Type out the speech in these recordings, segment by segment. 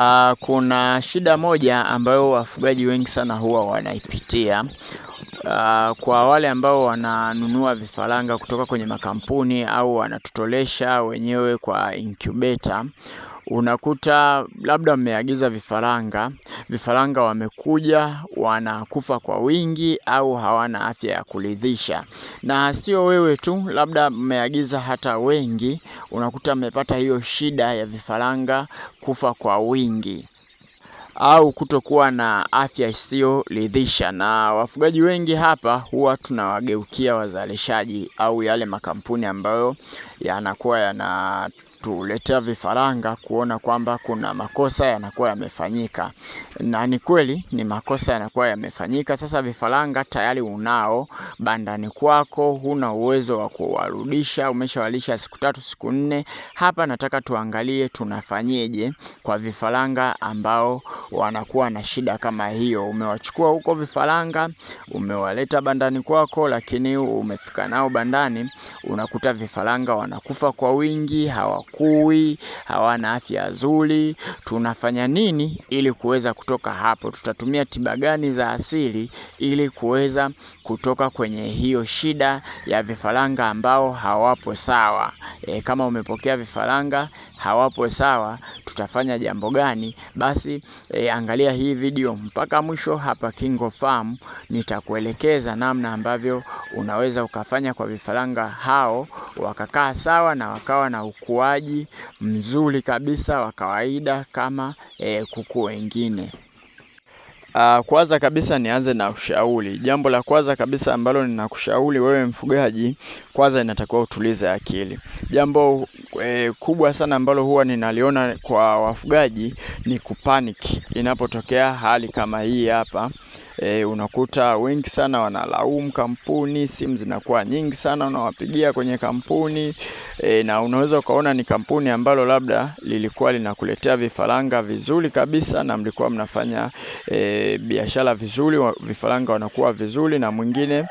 Uh, kuna shida moja ambayo wafugaji wengi sana huwa wanaipitia. Uh, kwa wale ambao wananunua vifaranga kutoka kwenye makampuni au wanatutolesha wenyewe kwa incubator unakuta labda mmeagiza vifaranga, vifaranga wamekuja wanakufa kwa wingi au hawana afya ya kuridhisha. Na sio wewe tu, labda mmeagiza hata wengi, unakuta mmepata hiyo shida ya vifaranga kufa kwa wingi au kutokuwa na afya isiyoridhisha. Na wafugaji wengi hapa huwa tunawageukia wazalishaji au yale makampuni ambayo yanakuwa yana kutuletea vifaranga kuona kwamba kuna makosa yanakuwa yamefanyika, na ni kweli ni makosa yanakuwa yamefanyika. Sasa vifaranga tayari unao bandani kwako, huna uwezo wa kuwarudisha, umeshawalisha siku tatu siku nne. Hapa nataka tuangalie tunafanyeje kwa vifaranga ambao wanakuwa na shida kama hiyo. Umewachukua huko vifaranga, umewaleta bandani kwako, lakini umefika nao bandani unakuta vifaranga wanakufa kwa wingi hawa hawakui, hawana afya nzuri. Tunafanya nini ili kuweza kutoka hapo? Tutatumia tiba gani za asili ili kuweza kutoka kwenye hiyo shida ya vifaranga ambao hawapo sawa? E, kama umepokea vifaranga hawapo sawa, tutafanya jambo gani? Basi e, angalia hii video mpaka mwisho. Hapa Kingo Farm nitakuelekeza namna ambavyo unaweza ukafanya kwa vifaranga hao wakakaa sawa na wakawa na ukuaji ukuaji mzuri kabisa wa kawaida kama e, kuku wengine. Uh, kwanza kabisa nianze na ushauri. Jambo la kwanza kabisa ambalo ninakushauri wewe mfugaji, kwanza inatakiwa utulize akili. Jambo e, kubwa sana ambalo huwa ninaliona kwa wafugaji ni kupanic inapotokea hali kama hii hapa e, unakuta wengi sana wanalaumu kampuni, simu zinakuwa nyingi sana unawapigia kwenye kampuni e, na unaweza ukaona ni kampuni ambalo labda lilikuwa linakuletea vifaranga vizuri kabisa na mlikuwa mnafanya e, biashara vizuri, vifaranga wanakuwa vizuri, na mwingine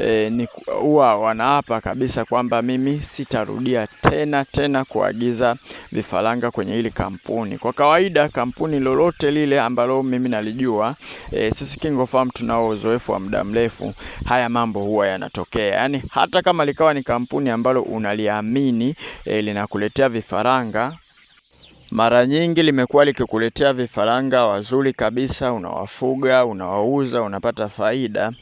E, ni huwa wanaapa kabisa kwamba mimi sitarudia tena tena kuagiza vifaranga kwenye hili kampuni. Kwa kawaida kampuni lolote lile ambalo mimi nalijua, e, sisi Kingo mnaofahamu tunao uzoefu wa muda mrefu, haya mambo huwa yanatokea. Yaani hata kama likawa ni kampuni ambalo unaliamini e, linakuletea vifaranga mara nyingi limekuwa likikuletea vifaranga wazuri kabisa, unawafuga, unawauza, unapata faida.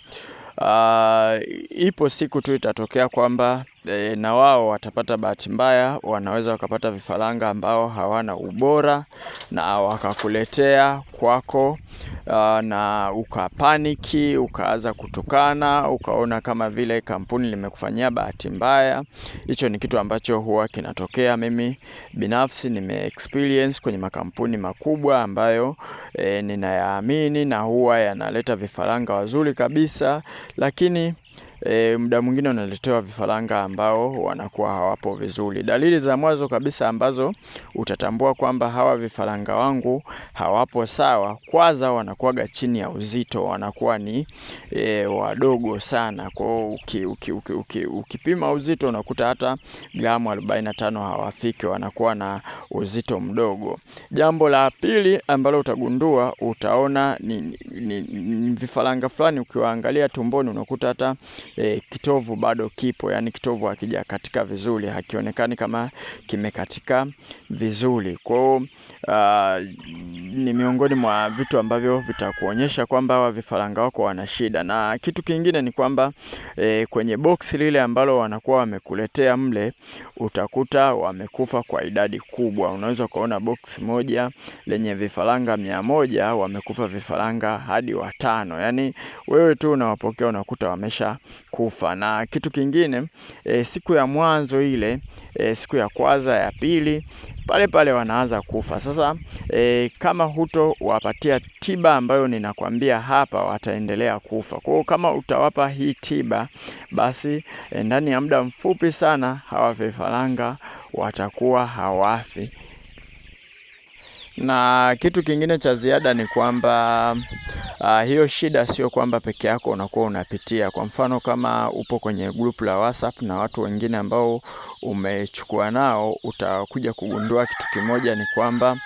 Uh, ipo siku tu itatokea kwamba e, na wao watapata bahati mbaya, wanaweza wakapata vifaranga ambao hawana ubora na wakakuletea kwako na ukapaniki ukaanza kutukana, ukaona kama vile kampuni limekufanyia bahati mbaya. Hicho ni kitu ambacho huwa kinatokea. Mimi binafsi nime experience kwenye makampuni makubwa ambayo e, ninayaamini na huwa yanaleta vifaranga wazuri kabisa, lakini e, muda mwingine unaletewa vifaranga ambao wanakuwa hawapo vizuri. Dalili za mwanzo kabisa ambazo utatambua kwamba hawa vifaranga wangu hawapo sawa, kwanza wanakuwaga chini ya uzito, wanakuwa ni e, wadogo sana. Kwa hiyo uki, uki, uki, uki, ukipima uzito unakuta hata gramu 45 hawafiki, wanakuwa na uzito mdogo. Jambo la pili ambalo utagundua, utaona ni, ni, ni vifaranga fulani ukiwaangalia tumboni unakuta hata e, kitovu bado kipo, yani kitovu hakijakatika vizuri, hakionekani kama kimekatika vizuri. Kwa hiyo uh, ni miongoni mwa vitu ambavyo vitakuonyesha kwamba hawa vifaranga wako wana shida. Na kitu kingine ni kwamba e, kwenye boksi lile ambalo wanakuwa wamekuletea mle, utakuta wamekufa kwa idadi kubwa. Unaweza ukaona box moja lenye vifaranga mia moja wamekufa vifaranga hadi watano, yani wewe tu unawapokea unakuta wamesha kufa. Na kitu kingine e, siku ya mwanzo ile e, siku ya kwanza ya pili pale pale wanaanza kufa. Sasa e, kama wapatia tiba ambayo ninakwambia hapa, wataendelea kufa. Kwa hiyo kama utawapa hii tiba, basi e, ndani ya muda mfupi sana hawa vifaranga watakuwa hawafi. Na kitu kingine cha ziada ni kwamba uh, hiyo shida sio kwamba peke yako unakuwa unapitia. Kwa mfano kama upo kwenye group la WhatsApp na watu wengine ambao umechukua nao, utakuja kugundua kitu kimoja ni kwamba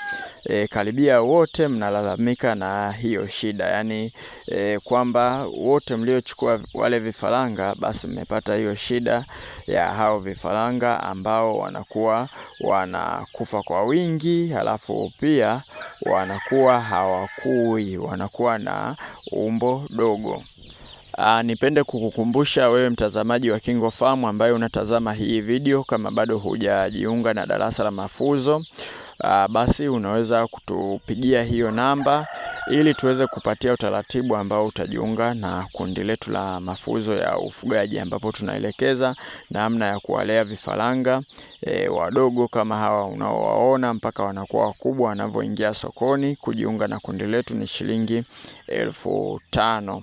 E, karibia wote mnalalamika na hiyo shida yani, e, eh, kwamba wote mliochukua wale vifaranga basi mmepata hiyo shida ya hao vifaranga ambao wanakuwa wanakufa kwa wingi, halafu pia pia wanakuwa hawakui, wanakuwa na umbo dogo. Aa, ah, nipende kukukumbusha wewe mtazamaji wa Kingo Farm ambaye unatazama hii video, kama bado hujajiunga na darasa la mafuzo ah, basi unaweza kutupigia hiyo namba ili tuweze kupatia utaratibu ambao utajiunga na kundi letu la mafunzo ya ufugaji, ambapo tunaelekeza namna ya kuwalea vifaranga e, wadogo kama hawa unaowaona mpaka wanakuwa wakubwa wanavyoingia sokoni. Kujiunga na kundi letu ni shilingi elfu tano.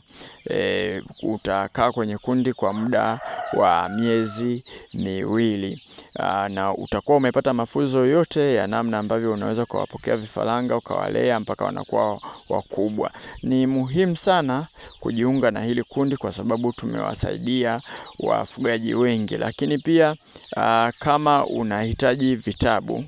E, utakaa kwenye kundi kwa muda wa miezi miwili. Ah, na utakuwa umepata mafunzo yote ya namna ambavyo unaweza kuwapokea vifaranga ukawalea mpaka wanakuwa wakubwa. Ni muhimu sana kujiunga na hili kundi kwa sababu tumewasaidia wafugaji wengi, lakini pia aa, ah, kama unahitaji vitabu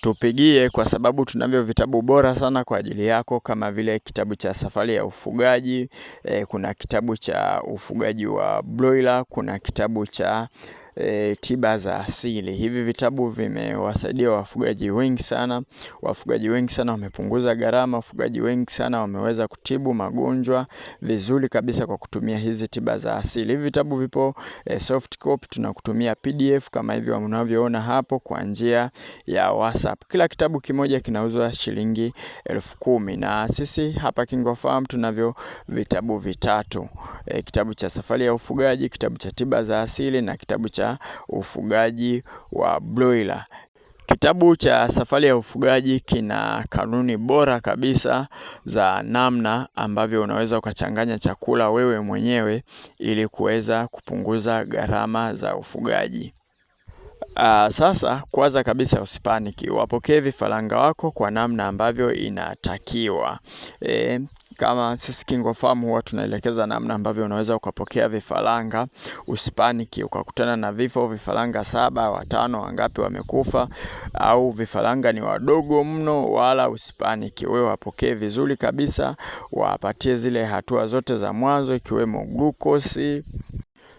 tupigie kwa sababu tunavyo vitabu bora sana kwa ajili yako, kama vile kitabu cha safari ya ufugaji e, kuna kitabu cha ufugaji wa broiler, kuna kitabu cha e, tiba za asili. Hivi vitabu vimewasaidia wafugaji wengi sana, wafugaji wengi sana wamepunguza gharama, wafugaji wengi sana wameweza kutibu magonjwa vizuri kabisa kwa kutumia hizi tiba za asili. Hivi vitabu vipo e, soft copy, tunakutumia PDF kama hivi unavyoona hapo kwa njia ya WhatsApp. Kila kitabu kimoja kinauzwa shilingi elfu kumi na sisi hapa Farm tunavyo vitabu vitatu e, kitabu cha safari ya ufugaji, kitabu cha tiba za asili na kitabu cha cha ufugaji wa broiler. Kitabu cha Safari ya Ufugaji kina kanuni bora kabisa za namna ambavyo unaweza ukachanganya chakula wewe mwenyewe ili kuweza kupunguza gharama za ufugaji. Aa, ah, sasa kwanza kabisa usipaniki, wapokee vifaranga wako kwa namna ambavyo inatakiwa. E, kama sisi kingo Farm huwa tunaelekeza namna ambavyo unaweza ukapokea vifaranga, usipaniki ukakutana na vifo, vifaranga saba, watano, wangapi wamekufa au vifaranga ni wadogo mno, wala usipaniki. Wewe wapokee vizuri kabisa, wapatie zile hatua zote za mwanzo, ikiwemo glukosi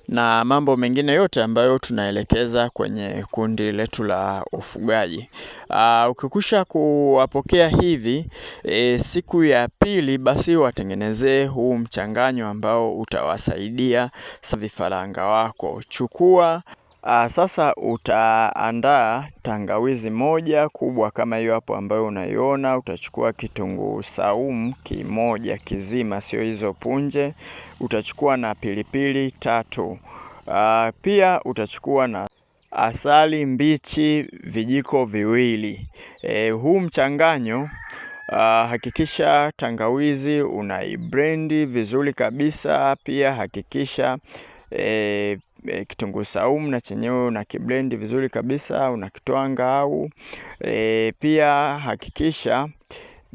na mambo mengine yote ambayo tunaelekeza kwenye kundi letu la ufugaji. Uh, ah, ukikusha kuwapokea hivi e, siku ya pili basi watengenezee huu mchanganyo ambao utawasaidia vifaranga wako. Chukua Ah, sasa utaandaa tangawizi moja kubwa kama hiyo hapo ambayo unaiona. Utachukua kitunguu saumu kimoja kizima, sio hizo punje. Utachukua na pilipili tatu. Ah, pia utachukua na asali mbichi vijiko viwili. E, huu mchanganyo Uh, hakikisha tangawizi unaibrendi vizuri kabisa. Pia hakikisha eh, e, kitunguu saumu na chenyewe kiblend vizuri kabisa, unakitwanga au e, pia hakikisha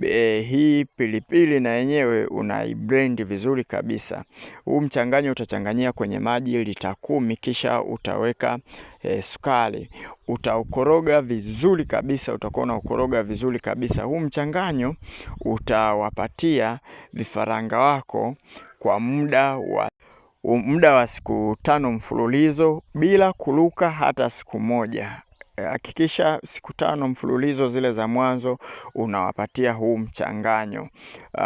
E, hii pilipili na yenyewe unaiblend vizuri kabisa. Huu mchanganyo utachanganyia kwenye maji lita kumi, kisha utaweka e, sukari, utaukoroga vizuri kabisa, utakuwa unaukoroga vizuri kabisa. Huu mchanganyo utawapatia vifaranga wako kwa muda wa muda wa siku tano mfululizo bila kuruka hata siku moja. Eh, hakikisha siku tano mfululizo zile za mwanzo unawapatia huu mchanganyo. Uh,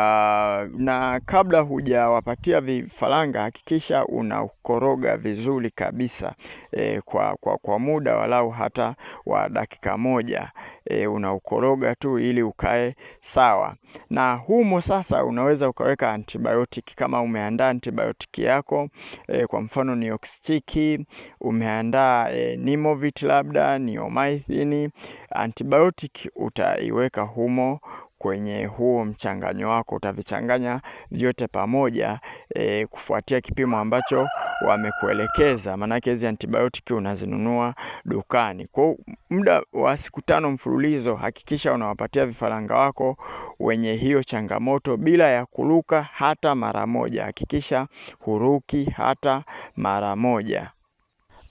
na kabla hujawapatia vifaranga hakikisha unaukoroga vizuri kabisa eh, kwa, kwa, kwa muda walau hata wa dakika moja e, unaukoroga tu ili ukae sawa. Na humo sasa unaweza ukaweka antibiotic kama umeandaa antibiotic yako e, kwa mfano ni oxtiki, umeandaa e, Nimovit labda, niomaithini Antibiotic utaiweka humo kwenye huo mchanganyo wako, utavichanganya vyote pamoja e, kufuatia kipimo ambacho wamekuelekeza, maanake hizi antibiotiki unazinunua dukani. Kwa muda wa siku tano mfululizo, hakikisha unawapatia vifaranga wako wenye hiyo changamoto bila ya kuruka hata mara moja. Hakikisha huruki hata mara moja.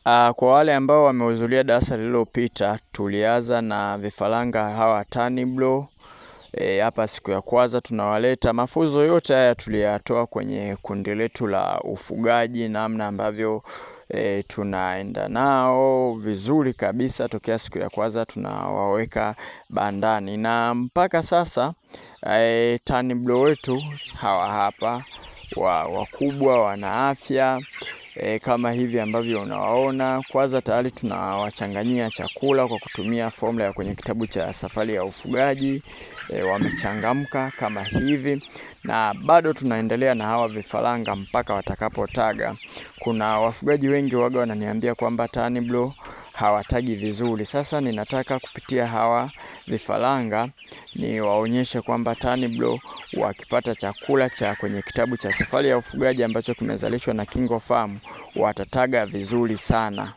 Uh, kwa wale ambao wamehudhuria darasa lililopita tulianza na vifaranga hawa Tanibro E, hapa siku ya kwanza tunawaleta mafunzo yote haya tuliyatoa kwenye kundi letu la ufugaji, namna ambavyo E, tunaenda nao vizuri kabisa tokea siku ya kwanza tunawaweka bandani na mpaka sasa e, tani blo wetu hawa hapa wa wakubwa wana afya e, kama hivi ambavyo unawaona. Kwanza tayari tunawachanganyia chakula kwa kutumia formula ya kwenye kitabu cha Safari ya Ufugaji. E, wamechangamka kama hivi, na bado tunaendelea na hawa vifaranga mpaka watakapotaga. Kuna wafugaji wengi waga wananiambia kwamba bro hawatagi vizuri. Sasa ninataka kupitia hawa vifaranga ni waonyeshe kwamba TanBlue wakipata chakula cha kwenye kitabu cha Safari ya Ufugaji ambacho kimezalishwa na KingoFarm watataga vizuri sana.